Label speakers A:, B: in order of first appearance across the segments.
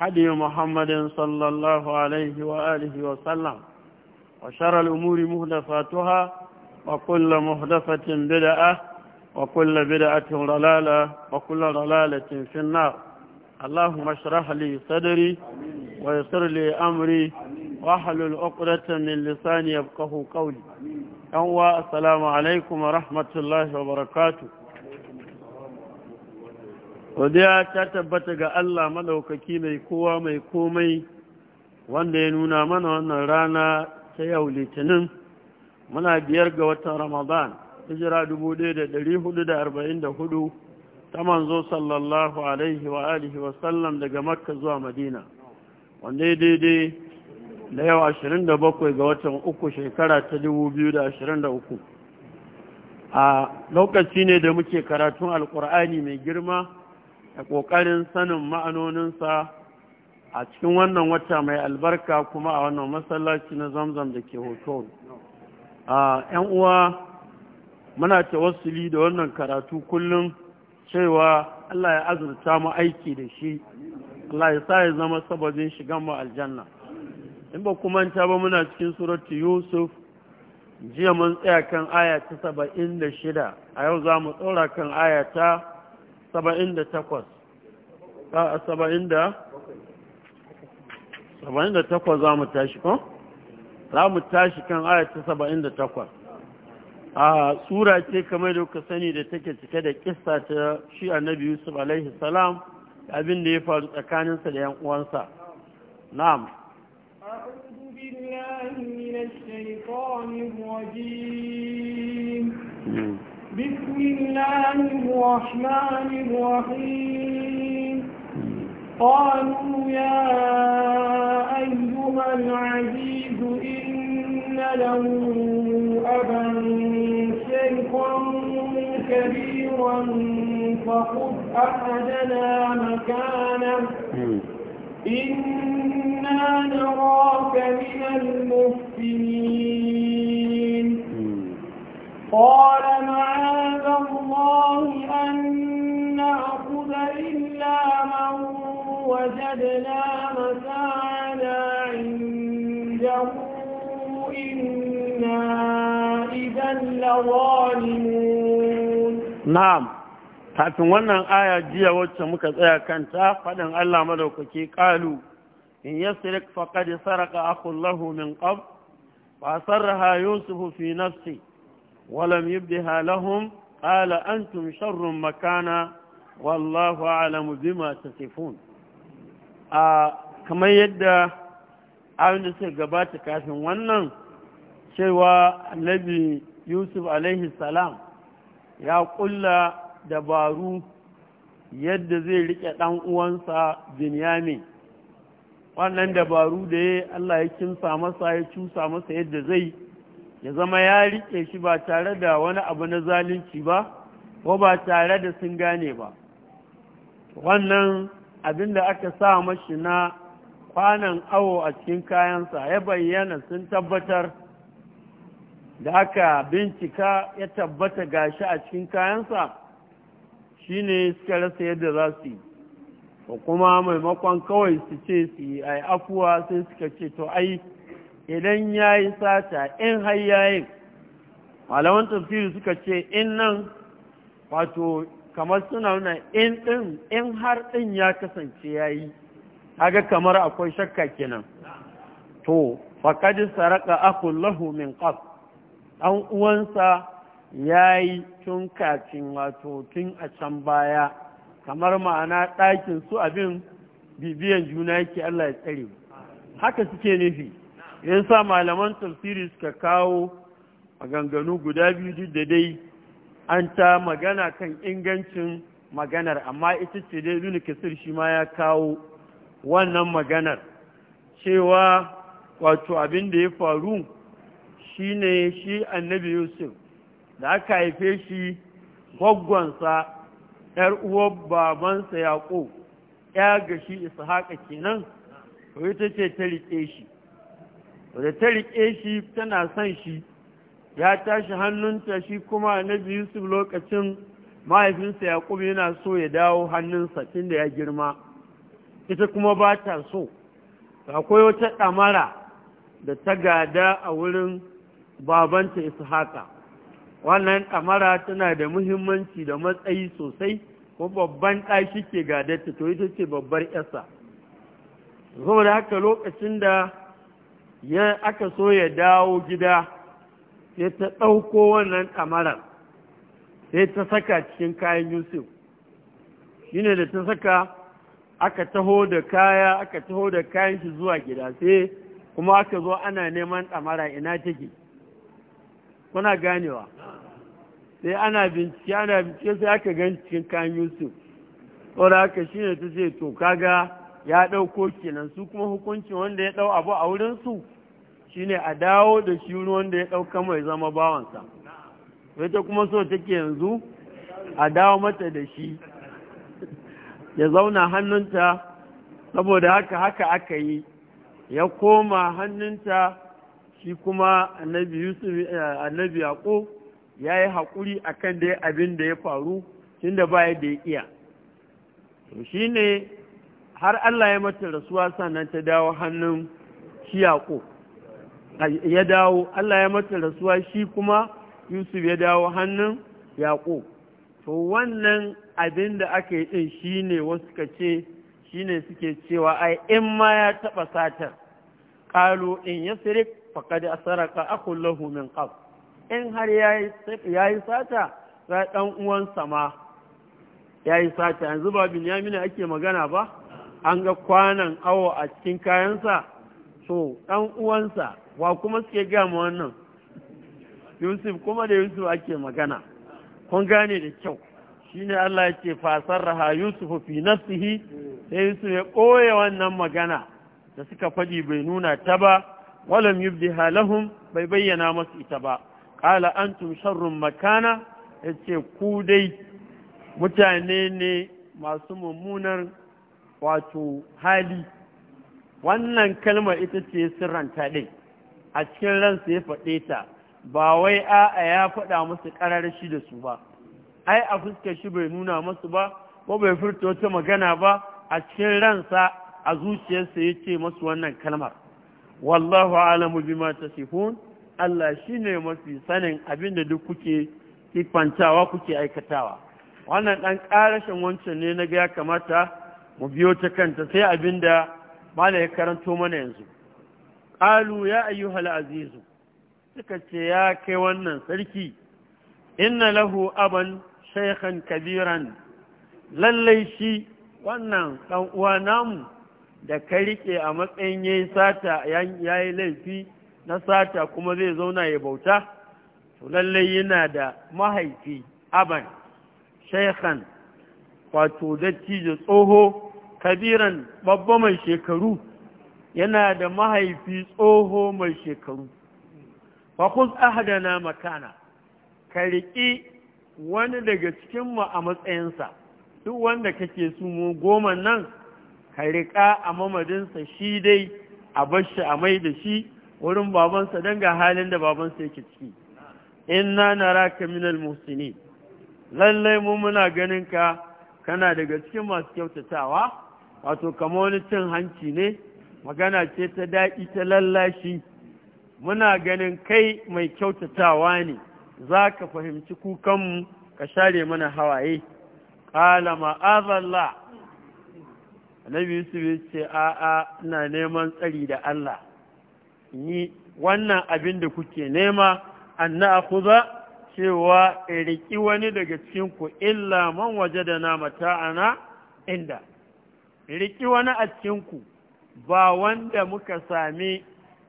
A: حدي محمد صلى الله عليه وآله وسلم وشر الأمور مهدفاتها وكل مهدفة بدعة وكل بدعة ضلالة وكل ضلالة في النار اللهم اشرح لي صدري ويسر لي أمري وحل الأقرة من لساني يبقه قولي أهو السلام عليكم ورحمة الله وبركاته ya ta tabbata ga Allah madaukaki mai kowa mai komai wanda ya nuna mana wannan rana ta yau litinin muna biyar ga watan ramadan hijira 1444 ta manzo sallallahu alaihi wa alihi sallam daga makka zuwa madina wanda ya daidai da yau 27 ga watan uku shekara ta 2023 a lokaci ne da muke karatun alkur'ani mai girma da ƙoƙarin sanin ma'anoninsa a cikin wannan wata mai albarka kuma a wannan masallaci na zamzam da ke hoton ‘yan uwa muna ta wasuli da wannan karatu kullum cewa Allah ya azurta mu aiki da shi Allah ya sa ya zama sababin shigan mu aljanna in ba kuma ta ba muna cikin suratu yusuf jiya mun tsaya kan aya ta saba'in da shida a yau za mu tsora kan aya ta saba'in da takwas za mu tashi kan za mu tashi kan ayata saba'in da takwas a tsura ce kamar da kuka sani da take cike da kista ta shi annabi yusuf alaihi salam abin da ya faru tsakaninsa da yan uwansa na'am Mm-hmm.
B: بسم الله الرحمن الرحيم قالوا يا أيها العزيز إن له أبا شيخا كبيرا فخذ أحدنا مكانه إنا نراك من المحسنين قال معاذ الله أن نأخذ إلا من وجدنا متاعنا عنده إنا إذا لظالمون
A: نعم kafin wannan aya jiya wacce muka tsaya kanta faɗin Allah madaukaki ƙalu in yasrik faqad saraka akhu lahu min qab fa sarraha yusufu fi nafsi ولم يبدها لهم قال makana شر مكانا والله أعلم بما تصفون kamar yadda abinda suka gabata kafin wannan cewa annabi yusuf alaihi salam ya kulla dabaru yadda zai riƙe ɗan uwansa binyamin wannan dabaru da ya Allah ya kimsa masa ya cusa masa yadda zai ya zama ya riƙe shi ba tare da wani abu na zalunci ba ko ba tare da sun gane ba wannan abin da aka sa mashi na kwanan awo a cikin kayansa ya bayyana sun tabbatar da aka bincika ya tabbata gashi a cikin kayansa shi ne suka rasa yadda za su yi ko kuma maimakon kawai su ce su yi afuwa sai suka ce to ai idan ya yi sata in har yayin malaman tafsiri suka ce in nan wato kamar suna nuna in ɗin in har ɗin ya kasance ya yi haga kamar akwai shakka kenan to faƙadi saraka akullahu min ƙaf ɗan uwansa ya yi tun kacin wato tun a can baya kamar ma'ana ɗakin su abin bibiyan juna yake Allah ya tsare haka suke nufi ya sa malaman tafsiri suka kawo maganganu guda biyu duk da dai an ta magana kan ingancin maganar amma ita ce dai nuna kasir shi ma ya kawo wannan maganar cewa wato abin da ya faru shi ne shi annabi yusuf da aka haife shi gwaggonsa ‘yar uwar babansa yaƙo ya ga shi isa ishaƙa kenan ko ita ce ta riƙe shi wadda ta riƙe shi tana son shi ya tashi hannunta shi kuma biyu yusuf lokacin mahaifinsa ya yaƙub yana so ya dawo hannunsa tun da ya girma ita kuma ba ta so akwai wata ɗamara da ta gada a wurin babanta haka wannan ɗamara tana da muhimmanci da matsayi sosai ko babban ɗashi ke gadarta to ita ce babbar 'yarsa saboda haka lokacin da ya aka so ya dawo gida sai ta ɗauko wannan ɗamarar sai ta saka cikin kayan yusuf shi ne da ta saka aka taho da kaya aka taho da kayan shi zuwa gida sai kuma aka zo ana neman ɗamara ina take kuna ganewa sai ana bincike ana bincike sai aka gan cikin kayan yusuf ora haka shi ne ta ce to kaga ya ɗauko kenan su kuma hukuncin wanda ya ɗau abu a wurin su? shine a dawo da shi ruwan da ya ɗauka mai zama bawansa wata kuma so take yanzu a dawo mata da shi ya zauna hannunta saboda haka haka aka yi ya koma hannunta shi kuma annabi yusuf eh, annabi yaƙo ya yi haƙuri a kan dai abin da ya faru tun da baya da ya iya shine shi ne har allah ya mata rasuwa sannan ta dawo hannun shi yaƙo ya dawo Allah ya mata rasuwa shi kuma Yusuf ya dawo hannun Yaƙo to wannan abin da aka yi ɗin shi ne wasu ka ce shi ne suke cewa ai in ma ya taɓa satar ƙalo in ya sirik faƙad da saraka akullahu min ƙaf in har ya yi sata za ɗan uwansa ma ya yi sata yanzu ba binyamina ake magana ba an ga kwanan awo a cikin kayansa so ɗan uwansa wa kuma suke gama wannan yusuf kuma da yusuf ake magana kun gane da kyau shine Allah yake fasar raha yusuf fi nafsihi sai yusuf ya koya wannan magana da suka faɗi bai nuna ta ba walam yubdiha lahum bai bayyana masu ita ba qala antum sharrun makana yace ku dai mutane ne masu mummunar wato hali wannan kalmar ita ce sirranta ɗin a cikin ransa ya faɗe ta ba wai a'a ya faɗa musu ƙarar shi da su ba ai a fuskar shi bai nuna musu ba ko bai furta wata magana ba a cikin ransa a zuciyarsa ya ce masu wannan kalmar wallahu alamu bima tasifun Allah shine mafi sanin abin da duk kuke sifantawa kuke aikatawa wannan ɗan ƙarashin wancan ne na ga ya kamata mu biyo ta kanta sai abin da mala ya karanto mana yanzu ƙalu ya ayyuhal azizu suka ce ya kai wannan sarki inna lahu aban shaykhan kabiran lallai shi wannan ɗan uwa namu da ka riƙe a matsayin yayi sata yayi laifi na sata kuma zai zauna ya bauta to lallai yana da mahaifi aban shaykhan wato dattijo tsoho kabiran babba mai shekaru yana da mahaifi tsoho mai shekaru fakus ahadana makana ka riƙi wani daga cikinmu a matsayinsa duk wanda kake su mu goma nan ka riƙa a mamadinsa shi dai a bashi a mai da shi wurin babansa don ga halin da babansa yake ciki inna naraka minal musulmi lallai mu muna ganin ka kana daga cikin masu kyautatawa wato kama wani cin hanci ne magana ce ta daɗi ta lallashi muna ganin kai mai kyautatawa ne za ka fahimci kukanmu ka share mana hawaye ƙala ma'azalla annabi su ya ce a'a ina neman tsari da Allah ni wannan abin da kuke nema an na cewa cewa riƙi wani daga cikin ku illa man waje da na mata'ana inda riki wani a cikinku ba wanda muka sami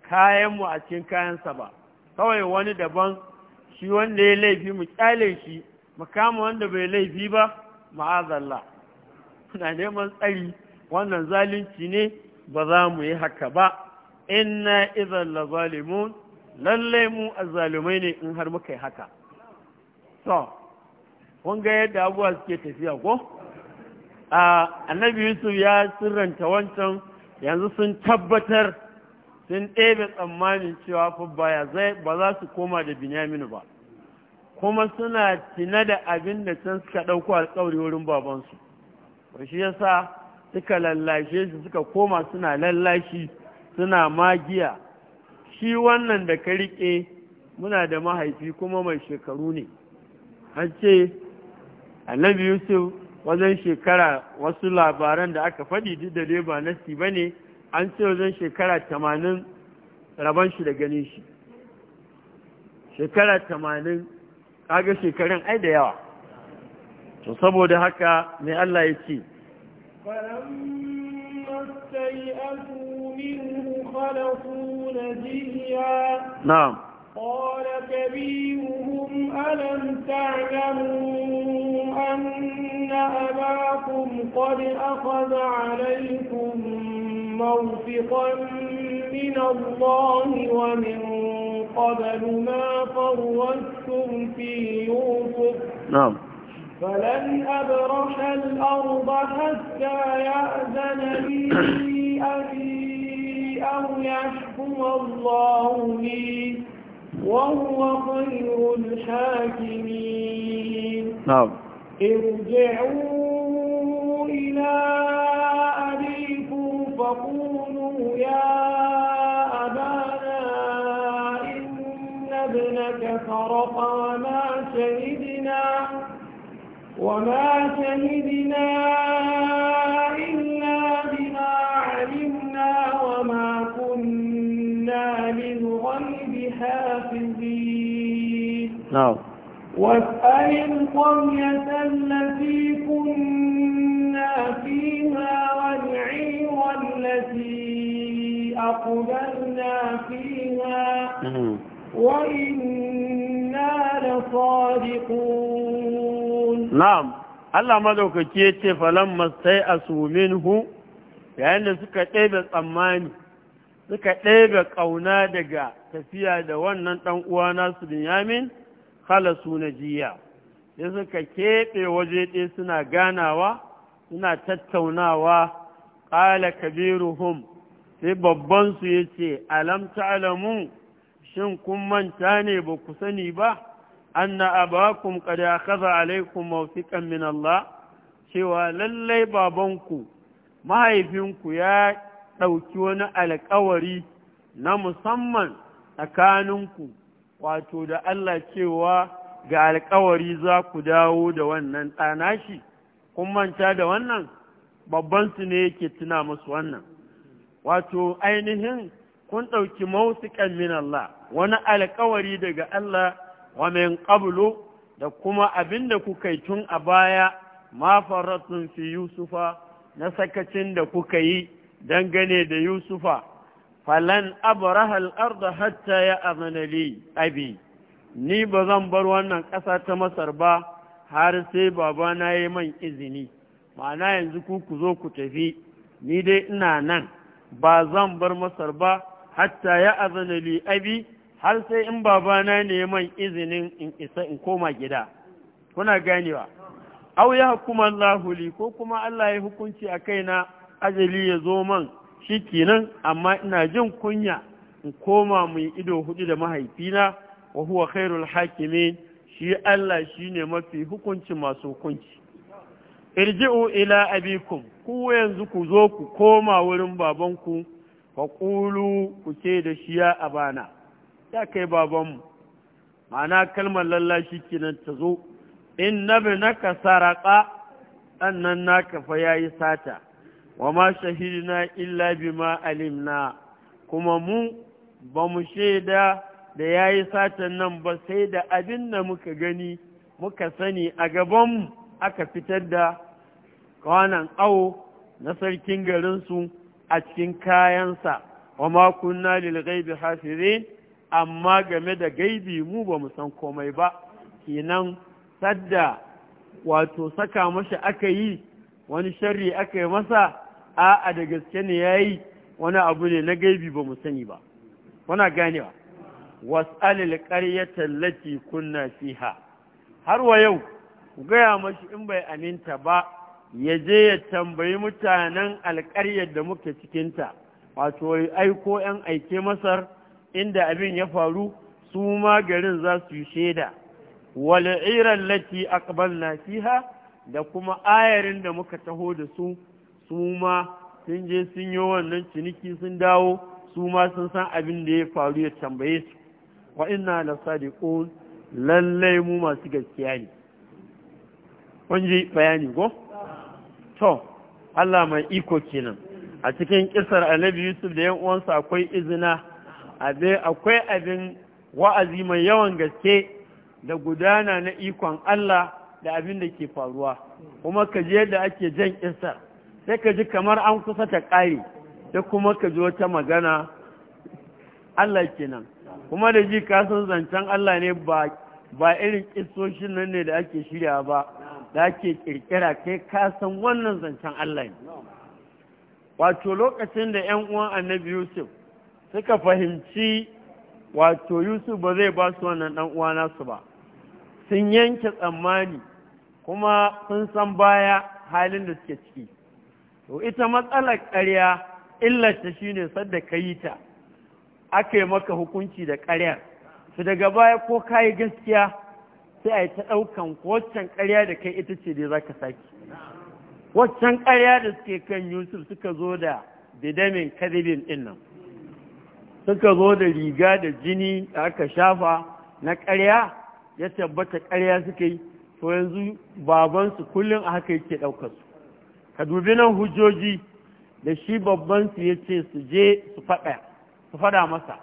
A: kayanmu a cikin kayansa ba kawai wani daban shi wanda ya laifi mu kyale shi mu kama wanda bai laifi ba ma'azalla na neman tsari wannan zalunci ne ba za mu yi haka ba inna izan la zalimun lallai mu azzalumai ne in har muka yi haka so kun ga yadda abuwa suke tafiya ko a annabi yusuf ya sirranta wancan yanzu sun tabbatar sun ɗebe tsammanin cewa fa baya zai ba za su koma da binyaminu ba kuma suna tina da abin da can suka ɗauko alƙawari wurin babansu shi yasa suka lallashe shi suka koma suna lallashi suna magiya shi wannan da ka riƙe muna da mahaifi kuma mai shekaru ne an ce annabi yusuf wajen shekara wasu labaran da aka faɗi duk da dai ba nasti ba ne an ce wajen shekara tamanin rabon shi da ganin shi shekara tamanin kaga shekarun ai da yawa to saboda haka mai Allah ya ce Na'am.
B: قال كبيرهم ألم تعلموا أن أباكم قد أخذ عليكم موفقا من الله ومن قبل ما فرستم في يوسف نعم فلن أبرح الأرض حتى يأذن لي أبي أو يحكم الله لي وهو خير الحاكمين نعم ارجعوا إلى أبيكم فقولوا يا أبانا إن ابنك فرق وما شهدنا وما شهدنا نعم واسأل القرية التي كنا فيها والعير التي أقبلنا فيها وإنا لصادقون
A: نعم Allah madaukaki ya ce falon mastai a hu yayin da suka ɗebe tsammani suka ɗebe ƙauna daga tafiya da wannan ɗan uwa nasu binyamin khalasu najiya sai suka keɓe waje ɗaya suna ganawa suna tattaunawa ƙala kabiruhum sai babbansu su yace alam ta'lamu shin kun manta ne ba ku sani ba anna abakum qad akhadha alaykum mawthiqan min Allah cewa lallai babanku mahaifinku ya ɗauki wani alƙawari na musamman tsakaninku wato da Allah cewa ga alkawari za ku dawo da wannan ɗana kun manta da wannan babban su ne yake tuna musu wannan wato ainihin kun ɗauki mausikan min Allah wani alkawari daga Allah wa min qablu da kuma abinda kuka yi tun a baya ma faratun fi Yusufa na sakacin da kuka yi dangane da Yusufa falan abraha al-ard hatta ya li abi ni ba zan bar wannan ƙasa ta Masar ba har sai babana ya man izini ma'ana yanzu ku ku zo ku tafi ni dai ina nan ba zan bar Masar ba hatta ya azana li abi har sai in babana ne man izinin in isa in koma gida kuna ganewa aw ya hukuma Allah li ko kuma Allah ya hukunci a kaina ajali ya zo man shi kenan amma ina jin kunya in koma mu ido hudu da mahaifina wa huwa khairul hakimin shi Allah shine mafi hukunci masu hukunci irji'u ila abikum ku yanzu ku zo ku koma wurin babanku fa qulu ku ce da shi ya abana ya kai babanmu ma'ana kalmar lallashi kenan ta zo in naka saraka ɗannan naka fa yayi sata wa ma shahidina illa bima alimna kuma mu ba mu shaida da ya yi satan nan ba sai da abin da muka gani muka sani a gabanmu aka fitar da kwanan awo na sarkin garinsu a cikin kayansa wa ma kunna lil ghaibi hafizin amma game da gaibi mu ba mu san komai ba kenan sadda wato saka mashi aka yi wani sharri aka yi masa a'a da gaske ne ya yi, wani abu ne na gaibi ba mu sani ba wana ganewa was'alil qaryata lati kunna fiha har wa yau gaya mashi in bai aminta ba ya je ya tambayi mutanen alƙaryar da muke cikinta wato aiko 'yan aike masar inda abin ya faru su ma garin za su yi shaida wal'irar lati aqbalna fiha da kuma ayarin da muka taho da su su ma sun je sun yi wannan ciniki sun dawo su ma sun san abin da ya faru ya tambaye su wa ina da sadiqun lallai mu masu gaskiya ne wanje bayani ko to Allah mai iko kenan a cikin kisar Annabi Yusuf da yan uwansa akwai izina akwai abin wa'azi mai yawan gaske da gudana na ikon Allah da abin da ke faruwa kuma kaje yadda ake jan kisar sai ka ji kamar an kusa ta ƙari da kuma ka ji wata magana Allah kenan kuma da ji kasan zancen Allah ne ba irin kistoshin nan ne da ake shirya ba da ake kirkira kai kasan wannan zancen Allah ne wato lokacin da ‘yan uwan annabi Yusuf suka fahimci wato Yusuf ba zai ba su wannan ɗan uwa nasu ba sun yanke tsammani kuma sun san baya halin da suke ciki to ita matsalar ƙarya illarta shine sadda ka yi ta aka yi maka hukunci da ƙaryar su daga baya ko ka yi gaskiya sai a yi ta ɗaukan waccan ƙarya da kai ita ce dai za ka sake waccan ƙarya da suke kan yusuf suka zo da bidamin kadibin ɗin suka zo da riga da jini da aka shafa na ƙarya ya tabbata ƙarya suka yi to yanzu babansu kullum a haka yake ɗaukarsu ka dubi nan hujjoji da shi babban su ya ce su je su faɗa masa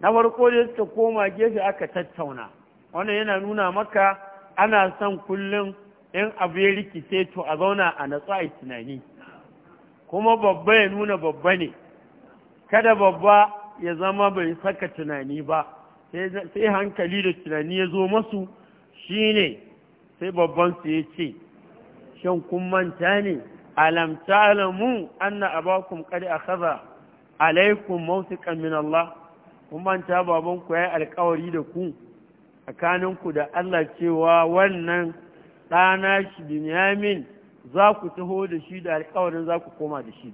A: na farko da suka koma gefe aka tattauna wannan yana nuna maka ana son kullum in abu ya rikice to a zauna a natsu a tunani kuma babba ya nuna babba ne kada babba ya zama bai saka tunani ba sai hankali da tunani ya zo masu ne sai babban su ya ce shan kun manta ne alam ta'lamu anna abakum qad akhadha alaikum mawthiqan min Allah kun manta baban ku yayi alƙawari da ku tsakanin ku da Allah cewa wannan ɗana shi Binyamin za ku taho da shi da alƙawarin za ku koma da shi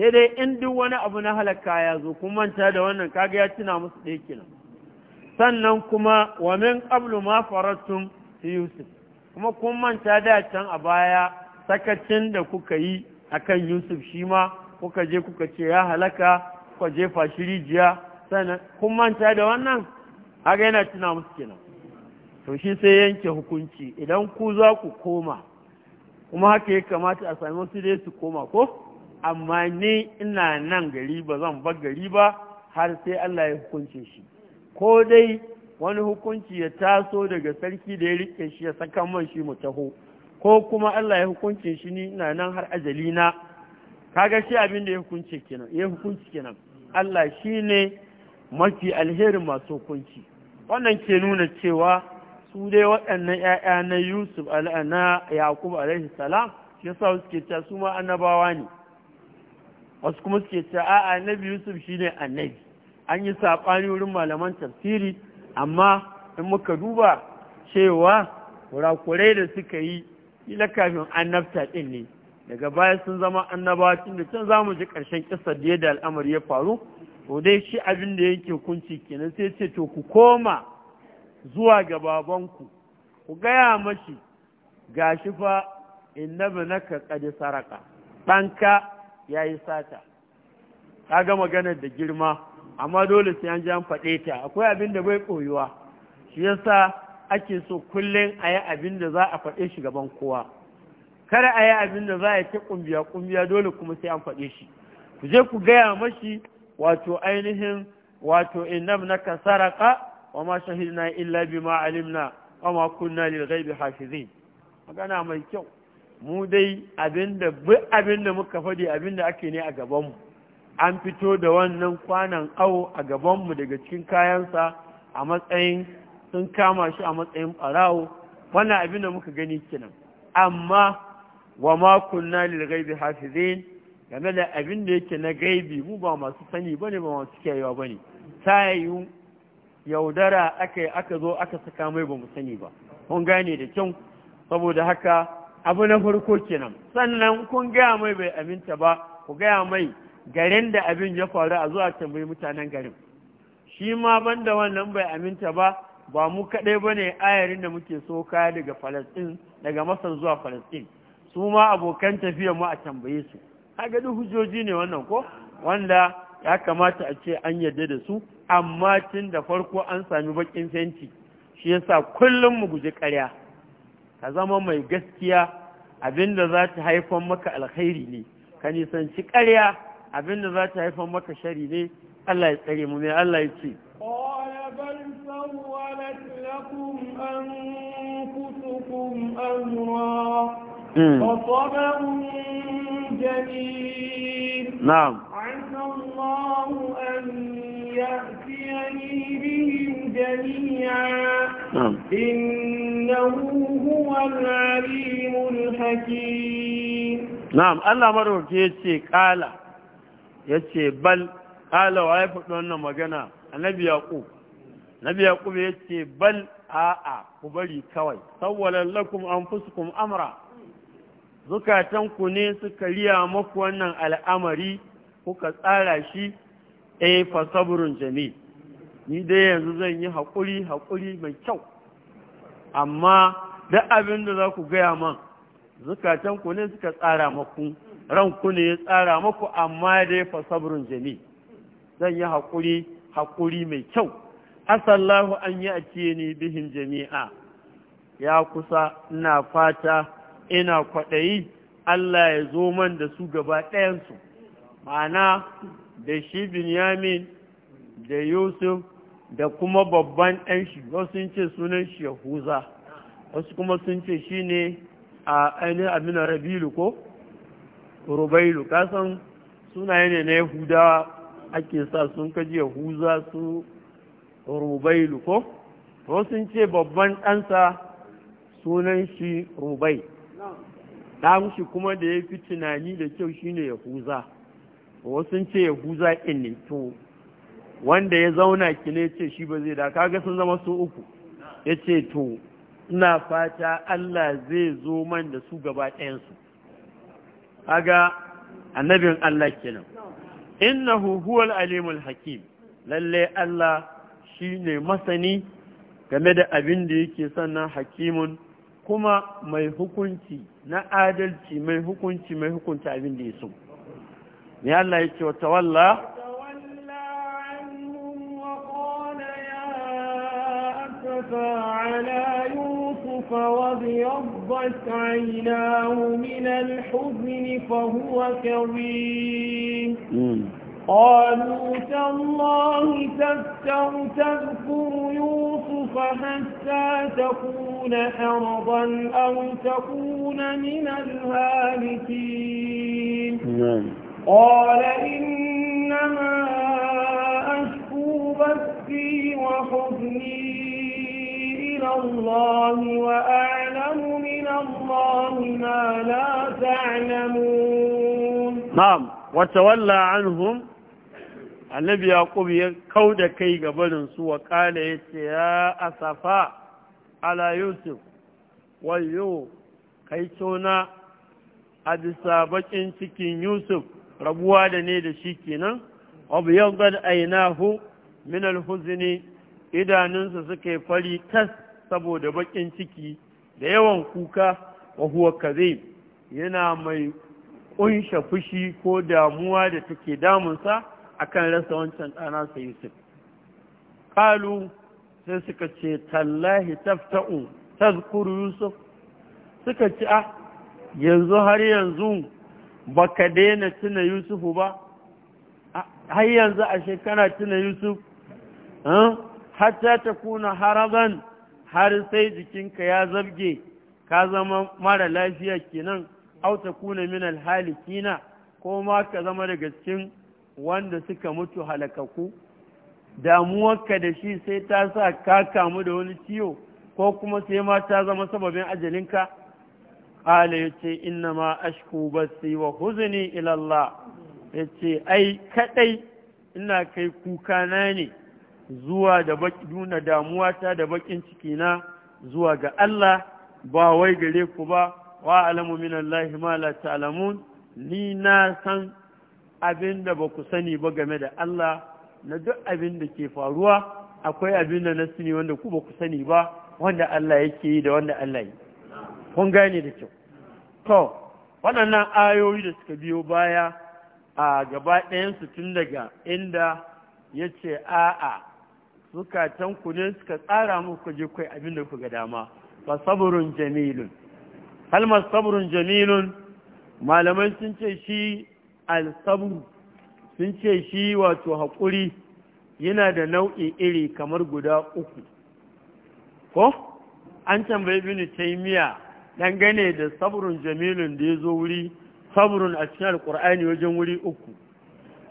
A: sai dai in duk wani abu na halaka ya zo kun manta da wannan kaga ya tuna musu ɗaya kenan sannan kuma wa min qablu ma faratum fi Yusuf kuma kun manta da can a baya sakacin da kuka yi akan Yusuf shi ma kuka je kuka ce ya halaka kuka jefa shi rijiya sannan kun manta da wannan haka yana tuna musu kenan to shi sai yanke hukunci idan ku za ku koma kuma haka ya kamata a sami wasu dai su koma ko amma ni ina nan gari ba zan bar gari ba har sai Allah ya hukunce shi ko dai wani hukunci ya taso daga sarki da ya rike shi ya saka man shi mu taho ko kuma Allah ya hukunce shi ni ina nan har ajali na kaga shi abin da ya hukunce kenan ya hukunci kenan Allah shi ne mafi alherin masu hukunci wannan ke nuna cewa su dai waɗannan ‘ya'ya na Yusuf na Yakubu alaihi salam shi yasa suke cewa su ma annabawa ne wasu kuma suke cewa a annabi Yusuf shi ne annabi an yi saɓani wurin malaman tafsiri amma in muka duba cewa kurakurai da suka yi lakafin kafin annabta ɗin ne daga baya sun zama annabawa tun da can za mu ji ƙarshen ƙisar da yadda al'amari ya faru to dai shi abin da yake kunci kenan sai ce to ku koma zuwa ga babanku ku gaya mashi gashi fa innabi naka kadi saraka ɗanka ya yi sata ta ga maganar da girma amma dole sai an ji an faɗe ta akwai abin da bai koyuwa shi yasa ake so kullum a yi abin da za a faɗe shi gaban kowa kada a yi abin da za a ta ƙungiya ƙungiya dole kuma sai an faɗe shi ku je ku gaya mashi wato ainihin wato innam na kasaraka wa ma shahidna illa bima alimna wa ma kunna lil ghaibi hafizin magana mai kyau mu dai abinda bi abinda muka faɗi abinda ake ne a gabanmu an fito da wannan kwanan awo a gabanmu daga cikin kayansa a matsayin sun kama shi a matsayin ɓarawo wannan abin da muka gani kinan. amma wa ma kunna lil ghaibi hafizin game da abin da yake na gaibi mu ba masu sani bane ba masu kiyayewa bane ta yi yaudara aka aka zo aka saka mai ba mu sani ba kun gane da kyau saboda haka abu na farko kinan. sannan kun gaya mai bai aminta ba ku gaya mai garin da abin ya faru a zuwa tambayi mutanen garin shi ma banda wannan bai aminta ba ba mu kaɗai ba ne ayarin da muke so kaya daga falastin daga masar zuwa falastin su ma abokan tafiyar mu a tambaye su haka duk hujjoji ne wannan ko wanda ya kamata a ce an yarda da su amma tun da farko an sami bakin fenti shi yasa kullum mu guji karya. ka zama mai gaskiya da za ta haifar maka alkhairi ne ka nisanci ƙarya da za ta haifar maka shari ne Allah ya tsare mu ne Allah ya ce
B: أمرا فطبع جميل
A: نعم عسى الله أن
B: يأتيني بهم جميعا نعم إنه هو العليم الحكيم
A: نعم الله مروك يتي قال يتي بل قال وعيفت لنا مجنى النبي يقول النبي يقول يتي بل a'a ku bari kawai sawwalan lakum anfusukum amra zukatanku ne suka riya maku wannan al'amari kuka tsara shi eh fa sabrun Jami. ni dai yanzu zan yi haƙuri haƙuri mai kyau amma duk abin da za ku gaya man zukatanku ne suka tsara maku ranku ne ya tsara maku amma dai fa sabrun jami zan yi haƙuri haƙuri mai kyau asallahu an yi ake ni bihin jami'a ya kusa na fata ina kwaɗayi Allah ya zo man da su gaba ɗayansu ma'ana da shi binyamin da yusuf da kuma babban ɗan shi wasu sun ce sunan shi yahuza wasu kuma sun ce shi ne a ainihin amina rabilu ko rubailu kasan sunaye ne na yahudawa ake sa sun kaji yahuza su rubailu ko to sun ce babban ɗansa sunan shi rubai ɗan shi kuma da ya fi tunani da kyau shine yahuza wasu ce yahuza inni to wanda ya zauna ki ne ce shi ba zai da kaga sun zama su uku ya ce to ina fata Allah zai zo man da su gaba ɗayansu kaga annabin Allah kenan innahu huwal alimul hakim lalle Allah shi ne masani game da abin da yake sannan hakimun kuma mai hukunci na adalci mai hukunci mai hukunta abin da ya so ne Allah ya ce wa tawalla
B: على يوسف وابيضت عيناه من الحزن فهو قالوا تالله تفتح أو تذكر يوسف حتى تكون حرضا أو تكون من الهالكين نعم. قال إنما أشكو بثي وحزني إلى الله وأعلم من الله ما لا تعلمون
A: نعم وتولى عنهم annabi yaqub ya kauda kai ga barin su wa kala yace ya asafa ala yusuf wayo kai tona a bisa bakin cikin yusuf rabuwa da ne da shi kenan abyadad aynahu min alhuzni idanunsa suka fari tas saboda bakin ciki da yawan kuka wa huwa yana mai kunsha fushi ko damuwa da take damunsa akan rasa wancan ɗana sa Yusuf qalu sai suka ce tallahi tafta'u tazkuru Yusuf suka ce ah yanzu har yanzu baka daina tuna Yusufu ba ah, har yanzu a shekara tuna Yusuf eh? Hata ta kuna haraban har sai jikinka ya zabge ka zama mara lafiya kenan au ta kuna min kina, ko ma ka zama daga cikin wanda suka mutu halakaku damuwarka da shi sai ta sa ka kamu da wani ciwo ko kuma sai ma ta zama sababin ajalinka ƙala ya ce inna ma ashku basi wa huzuni ilalla. ya ce ai kaɗai ina kai kuka na ne zuwa da nuna damuwata da bakin na zuwa ga Allah ba wai gare ku ba wa alamu min Allah ma la ta'lamun ni na san abin da ba ku sani ba game da Allah na duk abin da ke faruwa akwai abin da na sani wanda ku ba ku sani ba wanda Allah yake yi da wanda Allah yi kun gane da kyau to waɗannan ayoyi da suka biyo baya a gaba ɗayansu tun daga inda ya ce a'a zukatanku ne suka tsara muku je kai abin da ku ga dama fa sabrun jamilun kalmar saburun jamilun malamai sun ce shi al-sabr sun ce shi wato haƙuri yana da nau'i iri kamar guda uku ko an tambayi bin taymiya dangane da sabrun jamilun da ya zo wuri sabrun a cikin Al-Qur'ani wajen wuri uku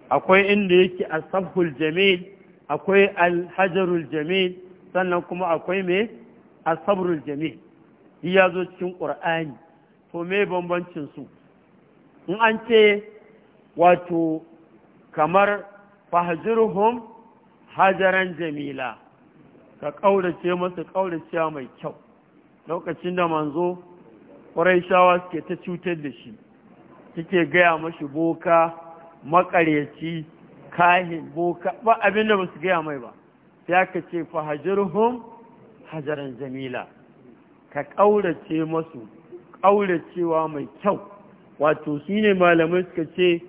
A: akwai inda yake sabhul jamil akwai alhajarul jamil sannan kuma akwai me asabrul jamil ya zo cikin qur'ani to me bambancin su in an ce wato kamar fahjirhum hajaran jamila ka ƙaurace masu ƙauracewa mai kyau lokacin da manzo shawa suke ta cutar da shi suke gaya mashi boka makaryaci kahin boka ba abin da ba su gaya mai ba sai aka ce fahajirhum hajaran jamila ka ƙaurace masu ƙauracewa mai kyau wato shine malamai suka ce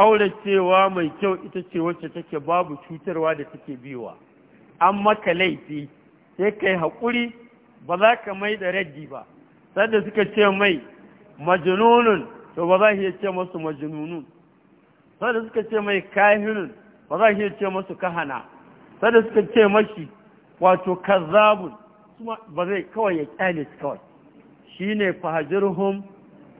A: kauracewa mai kyau ita ce wacce take babu cutarwa da take biwa an maka laifi sai kai haƙuri ba za ka mai da raddi ba sadda suka ce mai majnunun to ba za shi iya ce masu majnunun sadda suka ce mai kahinun ba za shi iya ce masu kahana sadda suka ce mashi wato kazzabun ba zai kawai ya kyale su kawai shine fahajirhum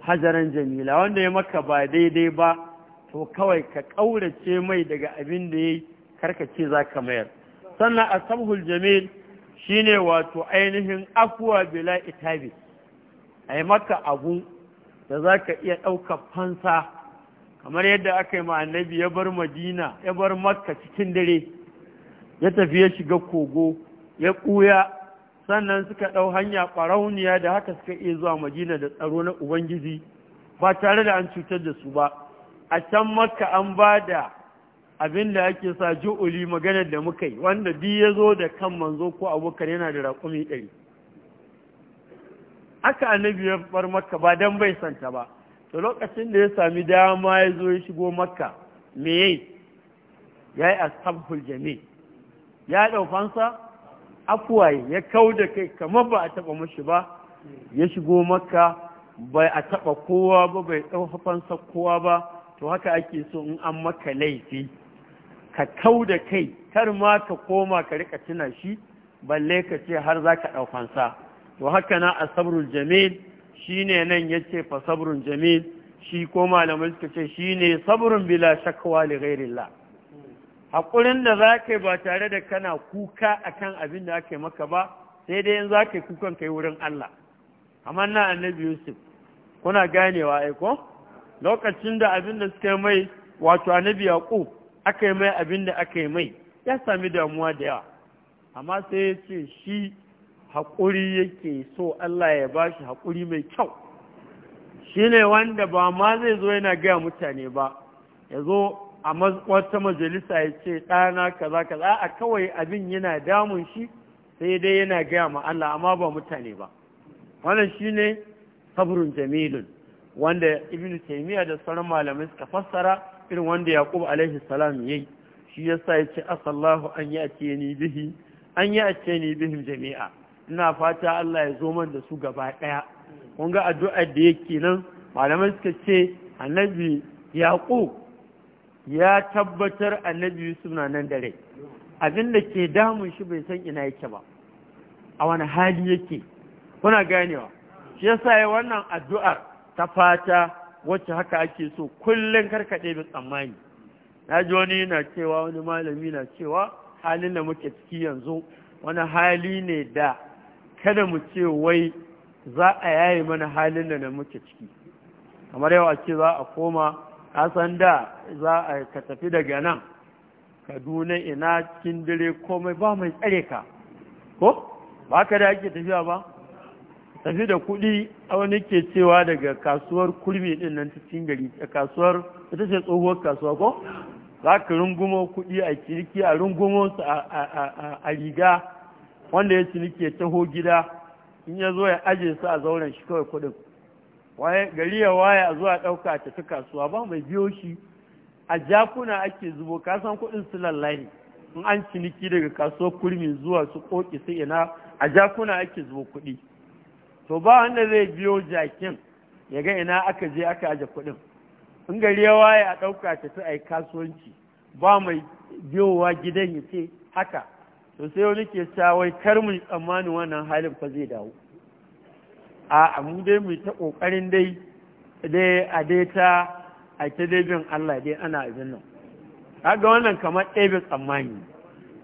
A: hajaran jamila wanda ya maka ba daidai ba to kawai ka ƙaurace mai daga abin da ya karkace za ka mayar sannan a samhul jamil shine wato ainihin afuwa bila itabi a yi maka abu da za ka iya ɗaukar fansa kamar yadda aka yi ma'anabi ya bar madina ya bar makka cikin dare ya tafi ya shiga kogo ya ƙuya sannan suka ɗau hanya ƙarauniya da haka suka iya zuwa madina da tsaro na ubangiji ba tare da an cutar da su ba a can maka an ba da abin da ake sa ju'uli maganar da muka yi wanda duk ya zo da kan manzo ko abokan yana da raƙumi ɗari aka annabi ya bar maka ba don bai santa ba to lokacin da ya sami dama ya zo ya shigo maka, me yi ya yi ashabul jami ya ɗaufansa afuwaye ya kau da kai kamar ba a taɓa mashi ba ya shigo maka bai a taɓa kowa ba bai ɗaufansa kowa ba to haka ake so in an maka laifi ka kau da kai kar ma ka koma ka rika tuna shi balle ka ce har za ka ɗaukansa to haka na a jamil shi ne nan ya ce fa sabrun jamil shi ko malamai ka ce shi ne sabrun bila shakwa li ghairillah haƙurin da za ka ba tare da kana kuka akan abin da aka yi maka ba sai dai in za ka yi kukan kai wurin Allah amma na annabi Yusuf kuna ganewa aiko? lokacin da abin da suka mai wato annabi yaqub aka yi mai abin da aka yi mai ya sami damuwa da yawa amma sai ya ce shi haƙuri yake so Allah ya ba shi haƙuri mai kyau shi ne wanda ba ma zai zo yana gaya mutane ba ya zo a wata majalisa ya ce ɗana kaza kaza a kawai abin yana damun shi sai dai yana gaya ma Allah amma ba mutane ba wannan shi ne sabrun jamilun wanda ibn taymiya da sauran malamai suka fassara irin wanda yaqub alaihi salam yayi shi yasa yace asallahu an ni bihi an ni bihim jami'a ina fata Allah ya zo man da su gaba daya kun ga addu'ar da yake nan malamai suka ce annabi yaqub ya tabbatar annabi yusuf na nan da abinda ke damun shi bai san ina yake ba a wani hali yake kuna ganewa shi yasa ya wannan addu'ar ta fata wacce haka ake so kullum karkaɗe da tsammani na ji wani na cewa wani malami na cewa halin da muke ciki yanzu wani hali ne da kada mu ce wai za a yaye mana halin da na muke ciki kamar yau a ce za a koma kasan da za a ka tafi daga nan kaduna ina cikin dare komai ba mai tsare ka ko ba ka da ake tafiya ba tafi da kuɗi a wani ke cewa daga kasuwar kurmi ɗin nan cikin gari a kasuwar ita ce tsohuwar kasuwa ko za ka rungumo kuɗi a ciniki a rungumo su a riga wanda ya ciniki ya taho gida in ya zo ya aje su a zauren shi kawai kuɗin waye gari ya waye a zuwa ɗauka a tafi kasuwa ba mai biyo shi a jakuna ake zubo kasan kuɗin su lallai in an ciniki daga kasuwar kurmi zuwa su ƙoƙi sai ina a jakuna ake zubo kuɗi to ba wanda zai biyo jakin ya ga ina aka je aka aje kuɗin in gari ya a ɗauka ta ta a yi kasuwanci ba mai biyowa gidan ya ce haka to sai wani ke wai kar mu tsammanin wannan halin fa zai dawo a mu dai mu ta ƙoƙarin dai dai a dai ta a ta dai bin Allah dai ana abin nan kaga wannan kamar ɗebe tsammani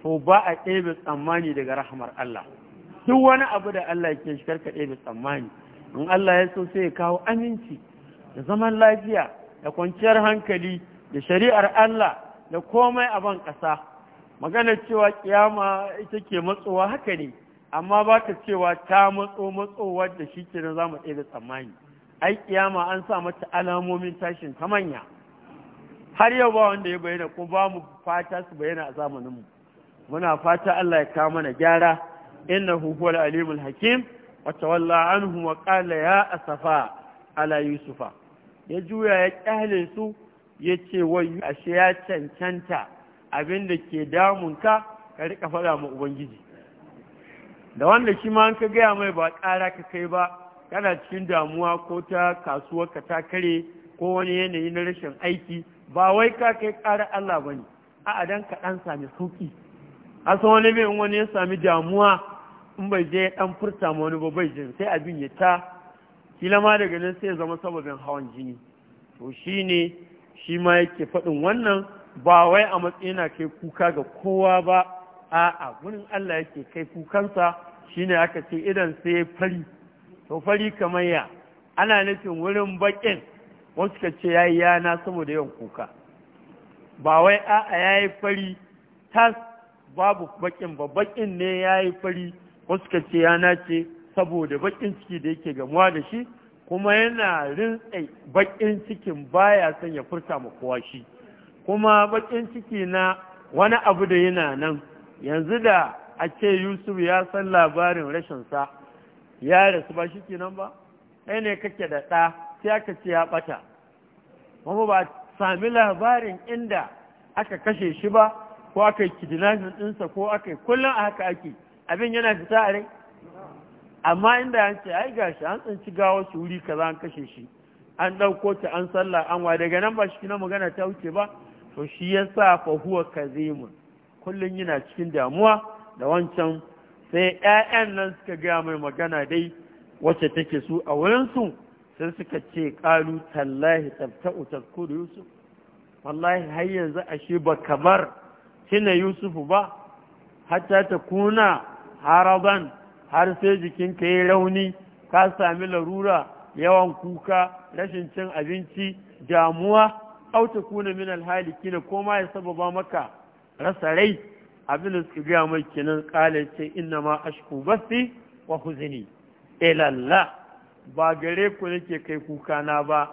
A: to ba a ɗebe tsammani daga rahamar Allah duk wani abu da Allah ke shi karkaɗe da tsammani in Allah ya so sai ya kawo aminci da zaman lafiya da kwanciyar hankali da shari'ar Allah da komai a ban ƙasa magana cewa kiyama ita ke matsowa haka ne amma ba ka cewa ta matso matsowa da shi ke na zamu ɗaya da tsammani ai kiyama an sa mata alamomin tashin ta har yau ba wanda ya bayyana ko ba mu fata su bayyana a zamaninmu muna fata Allah ya kawo mana gyara innahu huhuwar alimul hakim wa tawalla anhum wa qala ya asafa ala yusufa ya juya ya kyale su yace wai ashe ya cancanta abinda ke damun ka ka rika faɗa ma ubangiji da wanda shi ma an ka gaya mai ba ƙara ka kai ba kana cikin damuwa ko ta kasuwar ka ta kare ko wani yanayi na rashin aiki ba wai ka kai ƙara Allah bane ne a'a dan ka dan sami sauƙi a san wani mai wani ya sami damuwa in bai je ɗan dan furta ma wani ba bai jin sai abin ya ta kila ma daga nan sai ya zama sababin hawan jini to shi ne shi ma yake faɗin wannan ba wai a matsayin kai kuka ga kowa ba a'a gurin Allah yake kai kukansa shine aka ce idan sai fari to fari kamar ya ana nufin wurin bakin wasu ka ce yayi yana saboda yawan kuka ba wai a'a yayi fari tas babu bakin ba bakin ne yayi fari wasu na ce ya nace saboda bakin ciki da yake gamuwa da shi kuma yana rintse bakin cikin baya son ya furta ma kowa shi kuma bakin ciki na wani abu da yana nan yanzu da a ce yusuf ya san labarin rashinsa ya rasu ba shi kenan ba ai ne kake da ɗa sai aka ce ya ɓata kuma ba sami labarin inda aka kashe shi ba ko aka yi kidnapping ɗinsa ko aka yi kullum a haka ake abin yana fita a rai amma inda an ce ai gashi an tsinci gawo su wuri kaza an kashe shi an ɗauko ta an sallah an wa daga nan ba shi na magana ta wuce ba to shi ya sa fa huwa kazimun kullum yana cikin damuwa da wancan sai 'ya'yan nan suka gaya mai magana dai wacce take su a wurinsu sai suka ce ƙalu tallahi tabta'u tazkuru yusuf wallahi har yanzu ashe ba kamar tuna yusufu ba hatta ta kuna haraban har sai jikinka ya rauni ka sami larura yawan kuka rashin cin abinci damuwa auta kuna min alhali kina koma ya sababa maka rasa rai abin da suka gaya mai kenan kala ce inna ma ashku basi wa Eh lalla. ba gare ku nake kai kuka na ba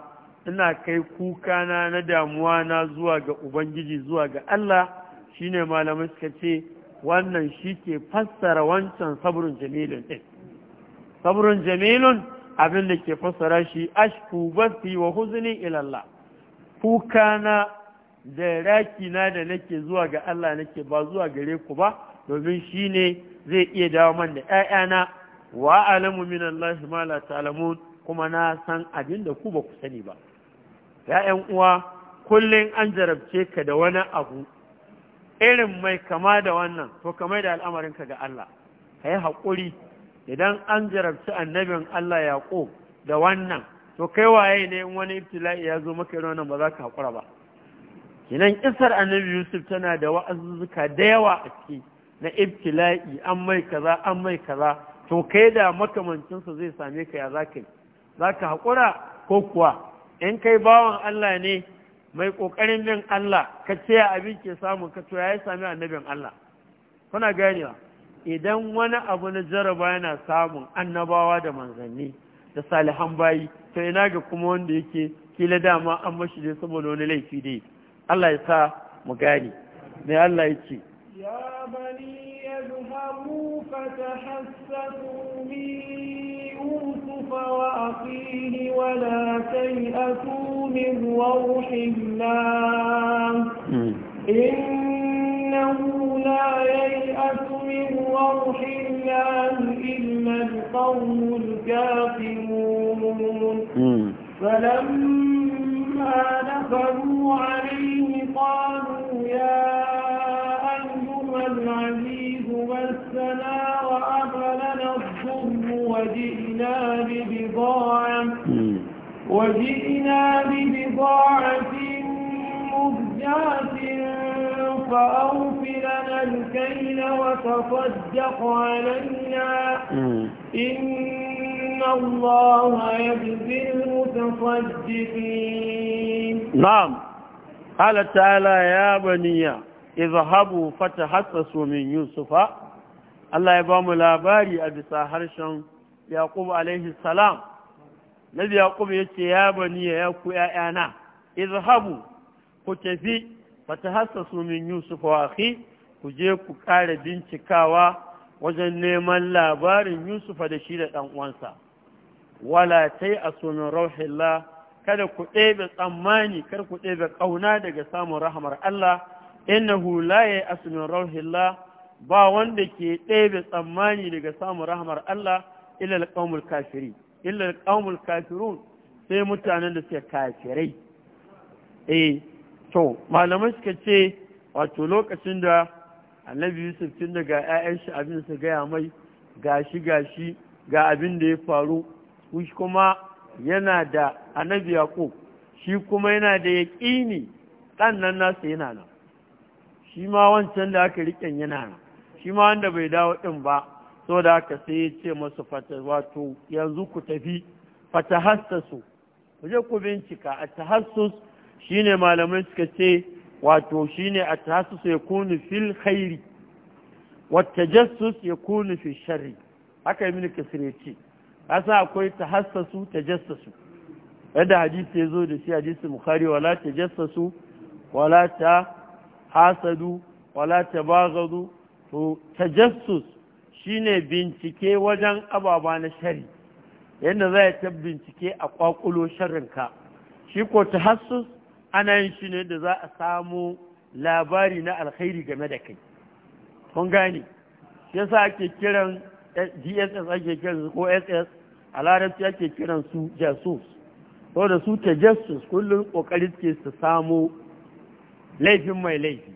A: ina kai kuka na na damuwa na zuwa ga ubangiji zuwa ga Allah shine malamai suka ce wannan shi ke fassara wancan saburin jamilun ɗin saburin jamilun abin da ke fassara shi ashku basti wa ilalla. Kuka kukana da rakina da nake zuwa ga Allah nake ba zuwa gare ku ba domin shi ne zai iya dawo man da ‘ya'yana wa alamu min Allah ma ta'lamun kuma na san abin da ku ba ku sani ba ‘ya'yan uwa kullum an jarabce ka da wani abu irin mai kama da wannan to kamar da al'amarinka ga Allah ka yi haƙuri idan an jarabci annabin Allah yaƙo da wannan to kai waye ne in wani ibtila'i ya zo maka irin wannan ba za ka haƙura ba kinan kisar annabi yusuf tana da wa’azuzuka da yawa a ciki na ibtila'i an mai kaza an mai kaza to kai da makamancinsa zai same ka ya za ka yi za ka haƙura ko kuwa in kai bawan Allah ne mai ƙoƙarin bin Allah ka ce abin ke samun ka to ya yi sami annabin Allah kuna ganewa idan wani abu na jaraba yana samun annabawa da manzanni da salihan bayi to ina ga kuma wanda yake kila dama an mashi dai saboda wani laifi dai Allah ya sa mu gane mai Allah ya ce
B: ya bani yadhhabu fatahassasu min وأخيه ولا تيأسوا من روح الله إنه لا ييأس من روح الله إلا القوم الكافرون فلما دخلوا عليه قالوا يا العزيز مسنا وأهلنا الضر وجئنا ببضاعة وجئنا ببضاعة مزجاة فأوفلنا الكيل وتصدق علينا إن الله يجزي المتصدقين
A: نعم قال تعالى يا بني izhabu fatahassasu min yusufa Allah ya ba mu labari a bisa harshen yaqub alaihi salam nabi yaqub yace ya bani ya ku ya'yana izhabu ku tafi fatahassasu min yusufa wa akhi ku je ku kare bincikawa wajen neman labarin yusufa da shi da ɗan uwansa wala tai asumin rauhillah kada ku ɗebe tsammani kar ku ɗebe ƙauna daga samun rahmar Allah innahu la ya asmin rauhillah ba wanda ke ɗebe tsammani daga samun rahmar Allah illa alqaumul kafiri illa alqaumul kafirun sai mutanen da suke kafirai eh to malamai suka ce wato lokacin da annabi Yusuf tun daga ƴaƴan shi abin su gaya mai gashi gashi ga abin da ya faru shi kuma yana da annabi Yaqub shi kuma yana da yaƙini ɗannan nan nasa yana nan shi ma wancan da aka riƙen yana nan shi ma wanda bai dawo ɗin ba so da aka sai ya ce masu fata wato yanzu ku tafi fata hassasu ku je ku bincika a ta shi shine malamai suka ce wato shine a ta hassus ya kuni fil khairi wata jassus ya kuni fil shari haka yi mini ya ce sa akwai ta ta jassasu yadda hadisi ya zo da shi hadisi bukhari wala walata wala ta hasadu wala tabaghadu to tajassus shine bincike wajen ababa na shari yanda za ta bincike a kwakulo sharrinka shi ko tahassus ana yin shi ne da za a samu labari na alkhairi game da kai kun gane shi yasa ake kiran eh, dss ake kiran ko ss a larabci ake kiran su jasus saboda su tajassus kullum kokari suke su samu laifin mai laifi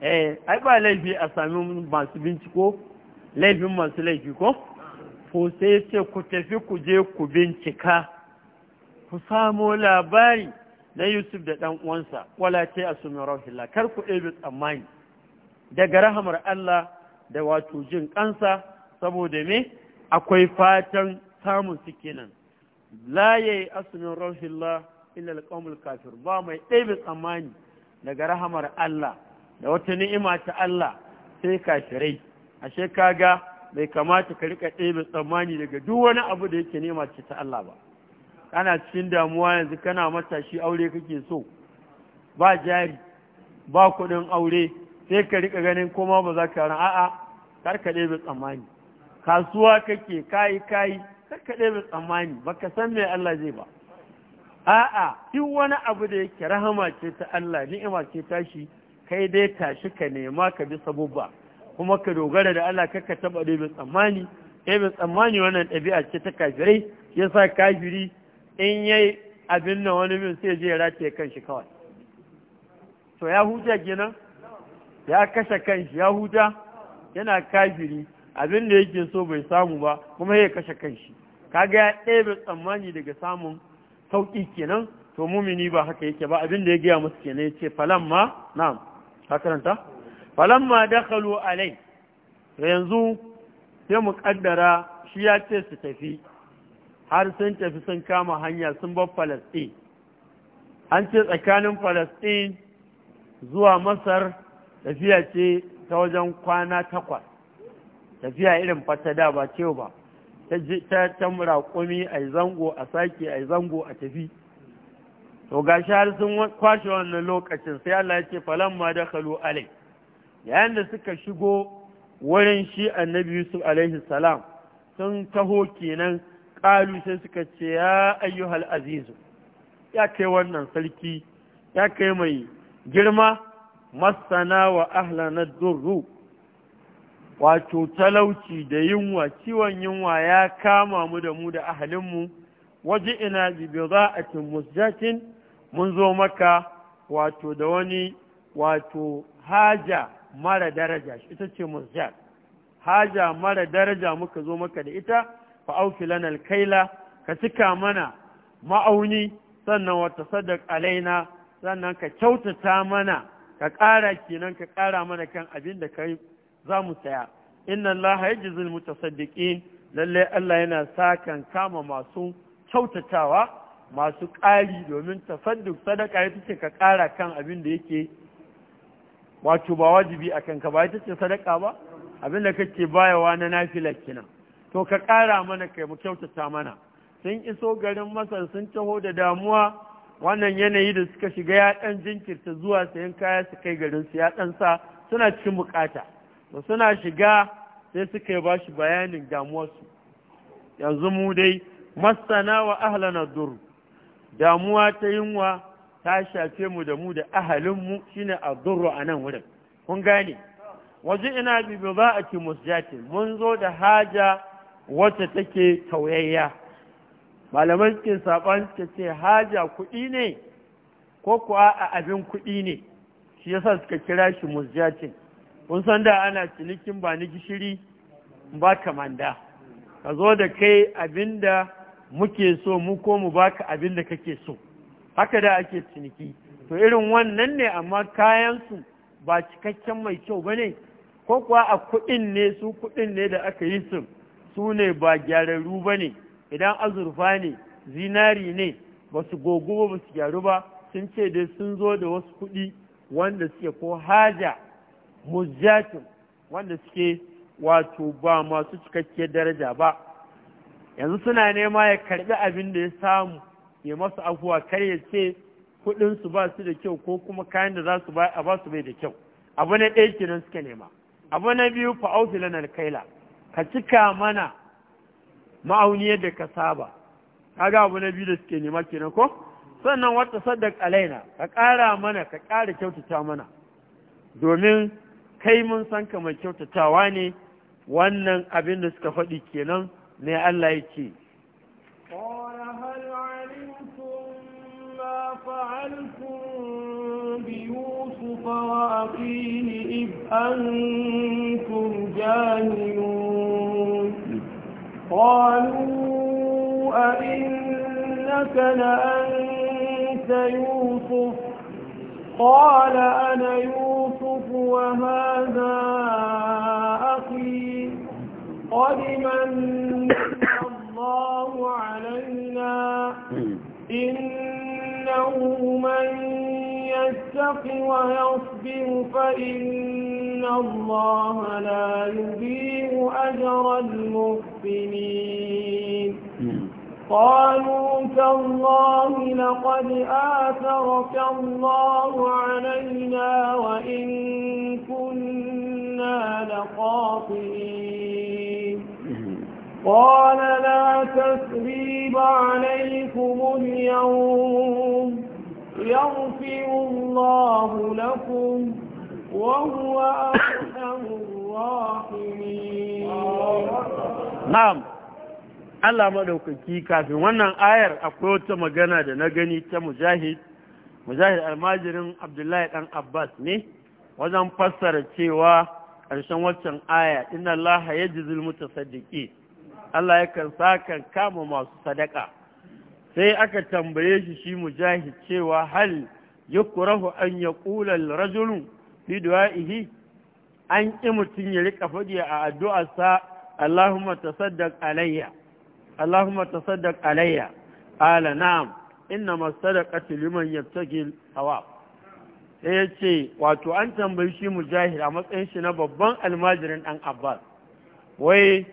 A: eh ai ba laifi a sami masu binciko laifin masu laifi ko ko sai ce ku tafi ku je ku bincika ku samo labari na Yusuf da ɗan uwansa wala ce a sumin rahila kar ku ɗebe tsammani daga rahamar Allah da wato jin kansa saboda me akwai fatan samun su kenan la yayi asumin rahila illa alqawmul kafir ba mai ɗebe tsammani daga rahamar Allah da wata ni'ima ta Allah sai ka kafirai ashe kaga bai kamata ka rika ɗebe tsammani daga duk wani abu da yake ni'ima ce ta Allah ba kana cikin damuwa yanzu kana matashi aure kake so ba jari ba kuɗin aure sai ka rika ganin koma ba za ka a'a kar ka ɗebe tsammani kasuwa kake kayi kayi kar ka ɗebe tsammani baka san me Allah zai ba a'a duk wani abu da yake rahama ce ta Allah ni'ima ce tashi kai dai tashi ka nema ka bi sabubba kuma ka dogara da Allah ka taba da bin tsammani eh bin tsammani wannan ɗabi'a ce ta kafirai yasa kafiri in yi abin nan wani bin sai je rataye shi kawai to ya huta kenan ya kashe kan shi, ya huta yana kafiri abin da yake so bai samu ba kuma ya kashe kan shi. kaga ya ɗebe tsammani daga samun sauƙi kenan to mumini ba haka yake ba abin da ya gaya musu kenan ya ce falamma na'am ka karanta falamma dakhalu alai yanzu sai mu kaddara shi ya ce su tafi har sun tafi sun kama hanya sun bar Palestine an ce tsakanin Palestine zuwa Masar tafiya ce ta wajen kwana takwas tafiya irin fatada ba ce ba ta tamra kumi a zango a sake a zango a tafi to ga har sun kwashe wannan lokacin sai Allah ya ce falan ma da kalu alai yayin da suka shigo wurin shi annabi yusuf alaihi salam sun taho kenan kalu sai suka ce ya ayyuhal azizu ya kai wannan sarki ya kai mai girma masana wa ahlanar durru wato talauci da yunwa ciwon yunwa ya kama mu da mu da ahalinmu waje ina bi za a musjatin mun zo maka wato da wani wato haja mara daraja ita ce musjat haja mara daraja muka zo maka da ita fa auki lanal kaila ka cika mana ma'auni sannan wata sadaq alaina sannan ka kyautata mana ka ƙara kenan ka ƙara mana kan abin da kai za mu saya inna allaha yajzil mutasaddiqin Lallai Allah yana sakan kama masu kyautatawa masu ƙari domin tasadduk sadaka ita ce ka ƙara kan abin da yake wato ba wajibi a kanka ba ita ce sadaka ba abin da kake bayawa na nafila kina. to ka ƙara mana kai mu kyautata mana sun iso garin masar sun taho da damuwa wannan yanayi da suka shiga ya ɗan jinkirta zuwa sayan kaya su kai garin su ya ɗan sa suna cikin buƙata. da suna shiga sai suka yi bashi bayanin damuwarsu yanzu mu dai masana wa ahlana dur damuwa ta yunwa ta shafe mu da mu da ahalinmu shine addurru a nan wurin kun gane waje ina bi ba a ce mun zo da haja wacce take tauyayya malaman suke saban suke ce haja kuɗi ne ko kuwa a abin kuɗi ne shi yasa suka kira shi musjatin kun san da ana cinikin ba ni gishiri ba ka manda ka zo da kai abinda muke so mu ko mu baka abinda kake so haka da ake ciniki to irin wannan ne amma kayan su ba cikakken mai kyau ba ko kuwa a kuɗin ne su kuɗin ne da aka yi su su ne ba gyararru bane idan azurfa ne zinari ne ba su gogo ba su gyaru ba sun ce dai sun zo da wasu kuɗi wanda suke ko haja muzzatin wanda suke wato ba masu cikakkiyar daraja ba yanzu suna nema ya karbi abin da ya samu ya masu afuwa kar ya ce kudin su ba su da kyau ko kuma kayan da za su ba a ba su bai da kyau abu na ɗaya kenan suka nema abu na biyu fa lana alkaila ka cika mana ma'auniyar da ka saba kaga abu na biyu da suke nema kenan ko sannan wata saddaq alaina ka ƙara mana ka ƙara kyautata mana domin kai mun san ka mai kyautatawa ne wannan abin da suka faɗi kenan ne Allah ya ce
B: بيوسف وأخيه إذ أنتم قالوا أئنك لأنت يوسف قال أنا يوسف وهذا أخي قد من الله علينا إنه من يتق ويصبر فإن الله لا يضيع أجر المحسنين قالوا تالله لقد آثرك الله علينا وإن كنا لخاطئين قال لا تسريب عليكم اليوم يغفر الله لكم وهو أرحم الراحمين
A: نعم Allah maɗaukaki kafin wannan ayar akwai wata magana da na gani ta mujahid mujahid almajirin abdullahi ɗan abbas ne wajen fassara cewa ƙarshen waccan aya inna Allah ya ji zulmuta sadiki Allah yakan kan kama masu sadaka sai aka tambaye shi shi mujahid cewa hal yukurahu an ya ƙula rajulun fi du'a'ihi an ƙi mutum ya rika faɗi a addu'arsa Allahumma tasaddaq alayya اللهم تصدق علي قال نعم إنما الصدقة لمن يبتغي الثواب sai yace wato an tambayi shi mujahid a matsayin shi na babban almajirin ɗan abbas wai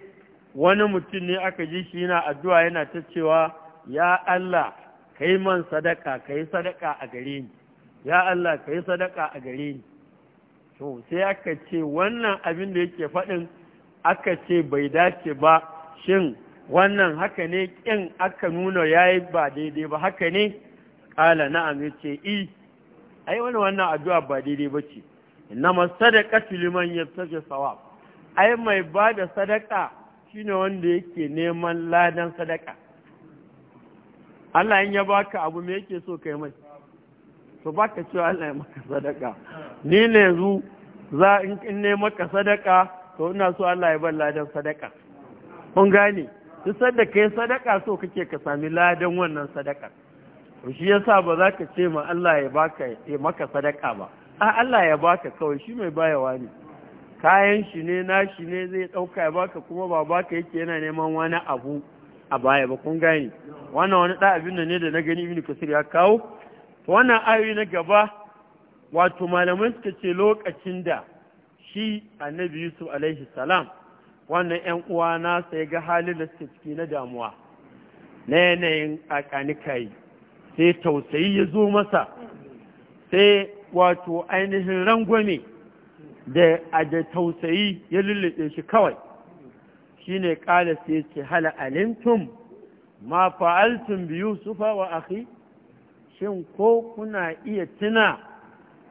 A: wani mutum ne aka ji shi yana addu'a yana ta cewa ya Allah ka yi man sadaka ka yi sadaka a gare ni ya Allah ka yi sadaka a gare ni to sai aka ce wannan abin da yake faɗin aka ce bai dace ba shin wannan haka ne ƙin aka nuna ya yi ba daidai ba haka ne ƙala na'am ya ce A yi wani wannan addu'a ba daidai ba ce na masadaka liman ya tafi sawa yi mai ba da sadaka ne wanda yake neman ladan sadaka Allah ya ya baka abu me yake so ka yi mai to baka cewa Allah ya maka sadaka ni ne yanzu za in ne maka sadaka to ina so Allah ya ban ladan sadaka kun gane duk sanda ka yi sadaka so kake ka sami ladan wannan sadaka. shi shi sa ba za ka ce ma Allah ya baka ya maka sadaka ba a Allah ya baka kawai shi mai bayawa ne kayan shi ne nashi ne zai ɗauka ya baka kuma ba baka yake yana neman wani abu a baya ba kun gani wannan wani da abin ne da na gani ibn kasir ya kawo to wannan ayoyi na gaba wato malamai suka ce lokacin da shi annabi yusuf alaihi salam wannan ‘yan uwa na sai ga halin da suke na damuwa na yanayin ƙaƙanikai sai tausayi ya zo masa sai wato ainihin rangwame da a da tausayi ya lullube shi kawai shi ne ƙala sai ce hala alimtum ma fa'altun biyu sufa wa ake? shin ko kuna iya tuna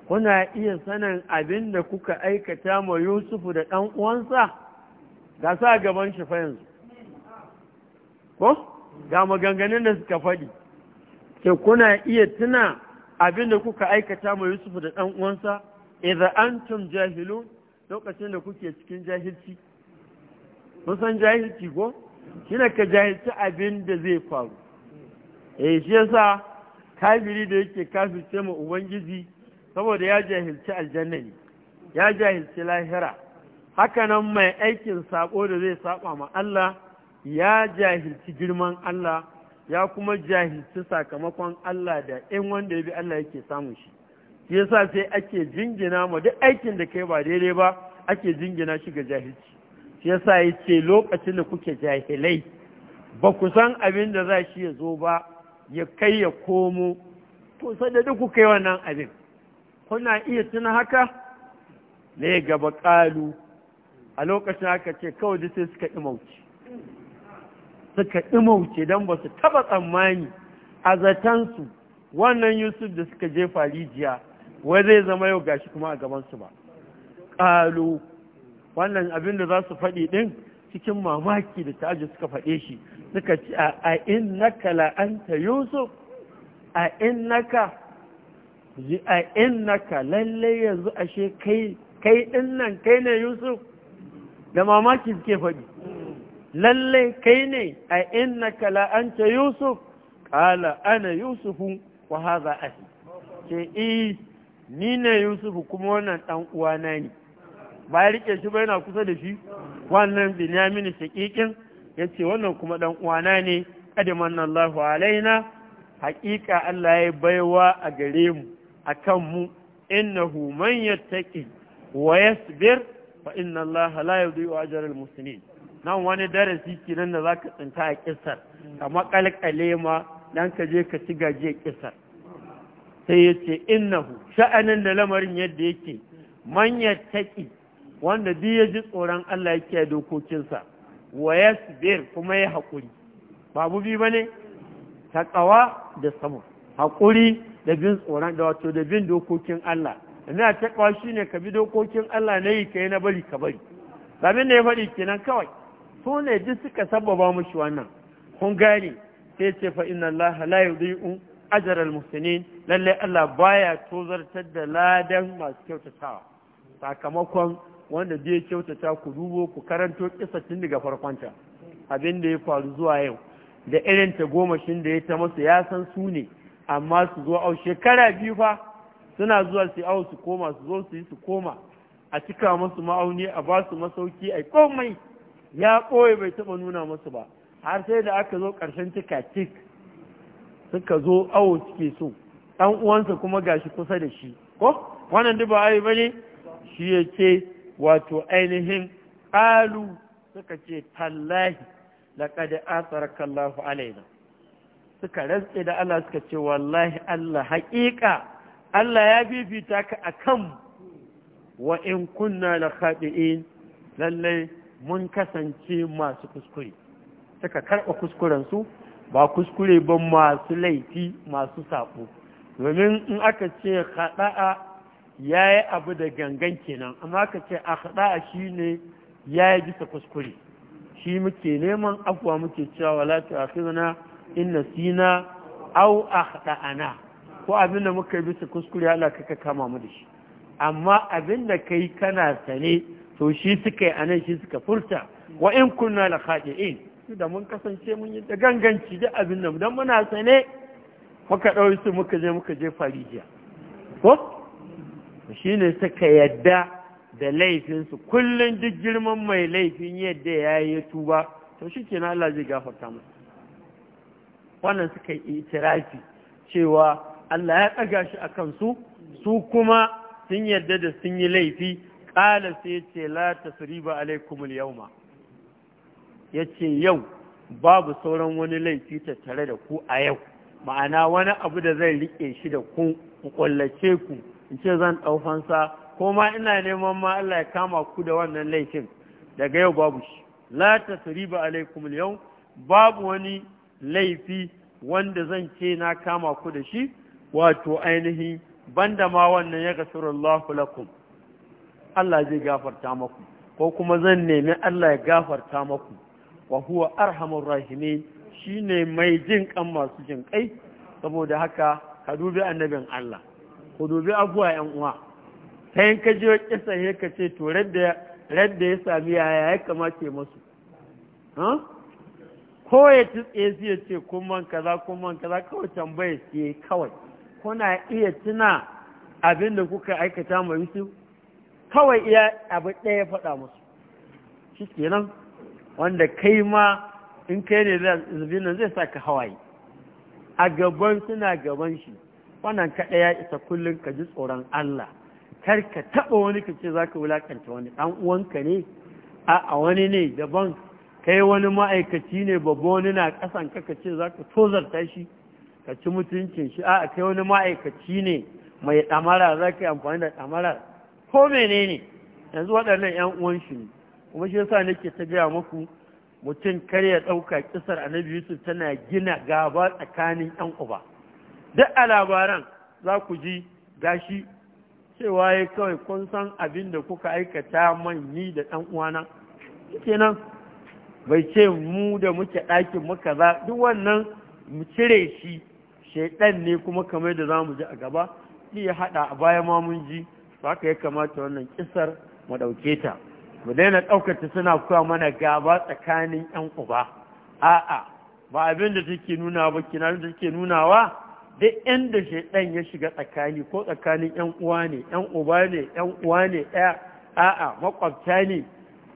A: kuna iya sanin abin da kuka aikata ma yusufu da ɗan uwansa ga sa gaban shi fa yanzu ko ga maganganun da suka faɗi ke kuna iya tuna abin da kuka aikata ma Yusuf da ɗan uwansa idza antum jahilun lokacin da kuke cikin jahilci kun san jahilci ko shine ka jahilci abin da zai faru E, shi yasa kafiri da yake kafirce ma ubangiji saboda ya jahilci aljanna ya jahilci lahira hakanan mai aikin sako da zai saba ma Allah ya jahilci girman Allah ya kuma jahilci sakamakon Allah da in wanda ya bi Allah yake samu shi shi yasa sai ake jingina ma duk aikin da kai ba daidai ba ake jingina shi ga jahilci shi yasa yace lokacin da kuke jahilai ba ku san abin da za shi ya zo ba ya kai ya komo to sai da ku kai wannan abin kuna iya tuna haka ne gaba kalu a lokacin aka ce kawai da sai suka imauce suka imauce don ba su taba tsammani a zatansu wannan yusuf da suka je farijiya wai zai zama yau gashi kuma a gabansu ba ƙalo wannan abin da za su faɗi ɗin cikin mamaki da ta ta'ajin suka faɗe shi suka ce a naka la'anta yusuf a innaka a innaka lallai yanzu ashe kai kai ɗin nan kai ne yusuf da mamaki suke faɗi lalle kai ne a inna kala an ce yusuf Kala ana yusufu wa haza ahi ce i eh, ni ne yusufu kuma wannan ɗan uwana ne ba ya rike shi ba yana kusa da shi wannan binyamin Shaƙiƙin ya ce wannan kuma ɗan uwana ne ƙadiman Allahu alaina haƙiƙa Allah ya baiwa a gare mu a kan mu innahu man taƙi wa yasbir fa inna allaha la yudiyu ajral muslimin nan wani darasi kenan da zaka tsinta a kissar kama kalkale ma dan ka je ka ci gaje kissar sai yace innahu sha'anan da lamarin yadda yake manya taki wanda duk ya ji tsoron Allah yake dokokinsa wa yasbir kuma ya haƙuri babu bi bane takawa da samu haƙuri da bin tsoron da wato da bin dokokin Allah ina ta shi ne ka bi dokokin Allah na yi ka na bari ka bari abin da ya faɗi kenan kawai su ne duk suka sababa mushi wannan kun gane sai ce fa inna Allah la yudhi'u ajra al-muhsinin lalle Allah baya tozartar da ladan masu kyautatawa sakamakon wanda zai kyautata ku dubo ku karanto kisa tun daga farkonta abin da ya faru zuwa yau da irin ta goma shin da ya ta masu ya san su ne amma su zo au shekara biyu fa suna zuwa su awo su koma su zo su yi su koma a cika masu ma'auni a ba su masauki a komai ya ɓoye bai taɓa nuna masu ba har sai da aka zo ƙarshen cika cik suka zo awo suke so ɗan uwansa kuma gashi kusa da shi ko wannan ayi ba ne shi ya ce wato ainihin ƙalu suka ce tallahi laqad asaraka kallahu alaina suka rantse da Allah suka ce wallahi Allah haƙiƙa Allah ya fifita ka kan wa in kunna la khadi'in lalle mun kasance masu kuskure suka karba kuskuren su ba kuskure ba masu laifi masu sako domin in aka ce haɗa'a ya yi abu da gangan kenan amma aka ce a haɗa'a shi ne ya yi bisa kuskure shi muke neman afuwa muke cewa wala ta akhirna inna sina au akhda'ana ko abin da muka yi bisa kuskure Allah kaka kama mu da shi amma abin da kai kana sane to shi suka yi anan shi suka furta wa in kunna la khati'in da mun kasance mun yi da ganganci da abin da dan muna sane muka dauki su muka je muka je farijiya ko shi ne suka yadda da laifinsu kullum duk girman mai laifin yadda ya yi tuba to shi kenan Allah zai gafarta masa wannan suka yi itirafi cewa Allah ya ɗaga shi a kansu su kuma sun yarda da sun yi laifi ƙala sai ce la ba alaikumul yauma ce yau babu sauran wani laifi ta tare da ku a yau ma'ana wani abu da zai riƙe shi da ku ku ku in ce zan ɗaufansa, ko ma ina neman ma Allah ya kama ku da wannan laifin daga yau babu shi la ba alaikumul yau babu wani laifi wanda zan ce na kama ku da shi wato ainihi banda ma wannan ya gasurallahu lakum Allah zai gafarta maku ko kuma zan nemi Allah ya gafarta maku wa huwa arhamur shi shine mai jin kan masu jin kai saboda haka ka dubi annabin Allah ku dubi abuwa yan uwa sai ka je kisa he ka ce to radda radda ya sami yaya ya kamace musu ha ko ya tsaye ya ce kuma man kaza kuma kaza kawai tambaye ce eh, kawai kuna iya tuna abin da kuka aikata ma yusu kawai iya abu ɗaya faɗa musu shi kenan wanda kai ma in kai ne zai nan zai sa ka hawaye a gaban suna gaban shi wannan kaɗai ya isa kullum ka ji tsoron Allah kar ka taɓa wani ka ce za ka wulaƙanta wani ɗan uwanka ne a wani ne daban kai wani ma'aikaci ne babba wani na ƙasan ka ka ce za ka tozarta shi ka ci mutuncin shi a kai wani ma'aikaci ne mai ɗamara za ka yi amfani da ɗamara ko menene yanzu waɗannan yan uwan shi ne kuma shi yasa nake ta gaya muku mutum kar ya ɗauka kisar annabi yusuf tana gina gaba tsakanin yan uba duk a labaran za ku ji gashi cewa ya kawai kun san abin da kuka aikata man ni da ɗan uwana kenan bai ce mu da muke ɗakin muka za duk wannan mu cire shi shaiɗan ne kuma kamar da za mu ji a gaba iya ya haɗa a baya ma mun ji ba ka ya kamata wannan kisar mu ɗauke ta mu daina ɗaukata suna kuwa mana gaba tsakanin yan uba a'a ba abin da take nuna ba kina da take nunawa duk inda shaiɗan ya shiga tsakani ko tsakanin yan uwa ne ƴan uba ne ƴan uwa ne ɗaya a'a makwabta ne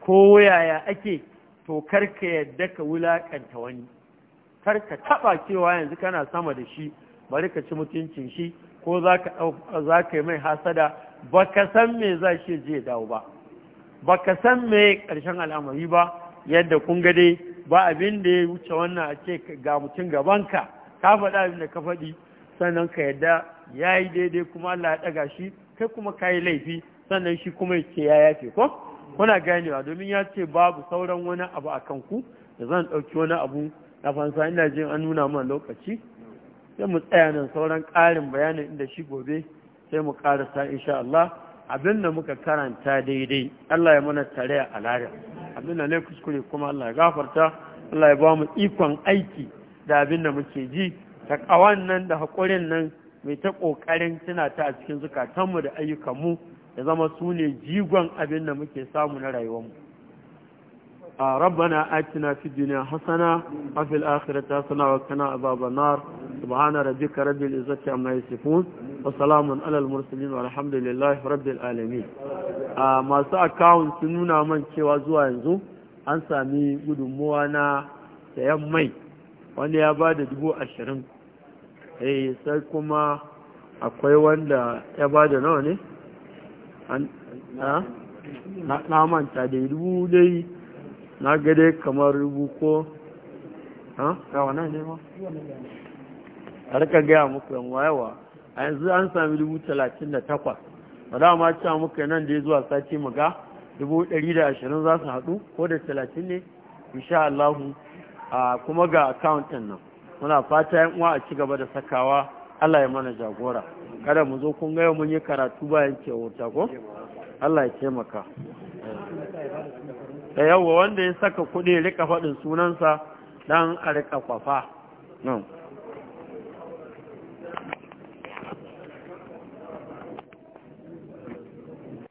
A: ko yaya ake to karka yadda ka wulaƙanta wani kar ka taɓa cewa yanzu kana sama da shi bari ka ci mutuncin shi ko za ka yi mai hasada ba ka san me za shi je dawo ba ba ka san me karshen al'amari ba yadda kun ga dai ba abin da ya wuce wannan a ce ga mutum gabanka ka faɗa abin da ka faɗi sannan ka yadda ya yi daidai kuma Allah ya ɗaga shi kai kuma ka yi laifi sannan shi kuma ya ce ya yafe ko kuna ganewa domin ya ce babu sauran wani abu a kanku da zan ɗauki wani abu kafansa ina jin an nuna mana lokaci sai mu tsaya nan sauran ƙarin bayanin inda shi gobe sai mu ƙarasa insha Allah abinda muka karanta daidai Allah ya mana tare a alarin abin ne kuskure kuma Allah ya gafarta Allah ya ba mu ikon aiki da abinda muke ji ta kawan nan da haƙurin nan mai ta ƙoƙarin tuna ta a cikin zukatanmu da ayyukanmu ya zama sune jigon abin da muke samu na rayuwarmu ربنا آتنا في الدنيا حسنة وفي الآخرة حسنة وكنا أباب النار سبحان ربك رب العزة عما يصفون وسلام على المرسلين والحمد لله رب العالمين ما سأكاون سنونا من cewa zuwa yanzu an sami gudunmuwa na sayan mai wanda ya ba da dubu ashirin eh sai kuma akwai ها ya ba da nawa ne na manta da dubu dai na gade kamar rubu ko ha a gaya muku yan wayewa a yanzu an sami dubu talatin da takwas ba da ma cewa muka nan da ya zuwa sati muga dubu ɗari da ashirin za su haɗu ko da talatin ne insha Allahu a kuma ga akawuntan nan muna fata yan uwa a ci gaba da sakawa Allah ya mana jagora kada mu zo kun gaya mun yi karatu bayan cewa ko Allah ya taimaka da yawa wanda ya saka kuɗi rika faɗin sunansa dan a rika kwafa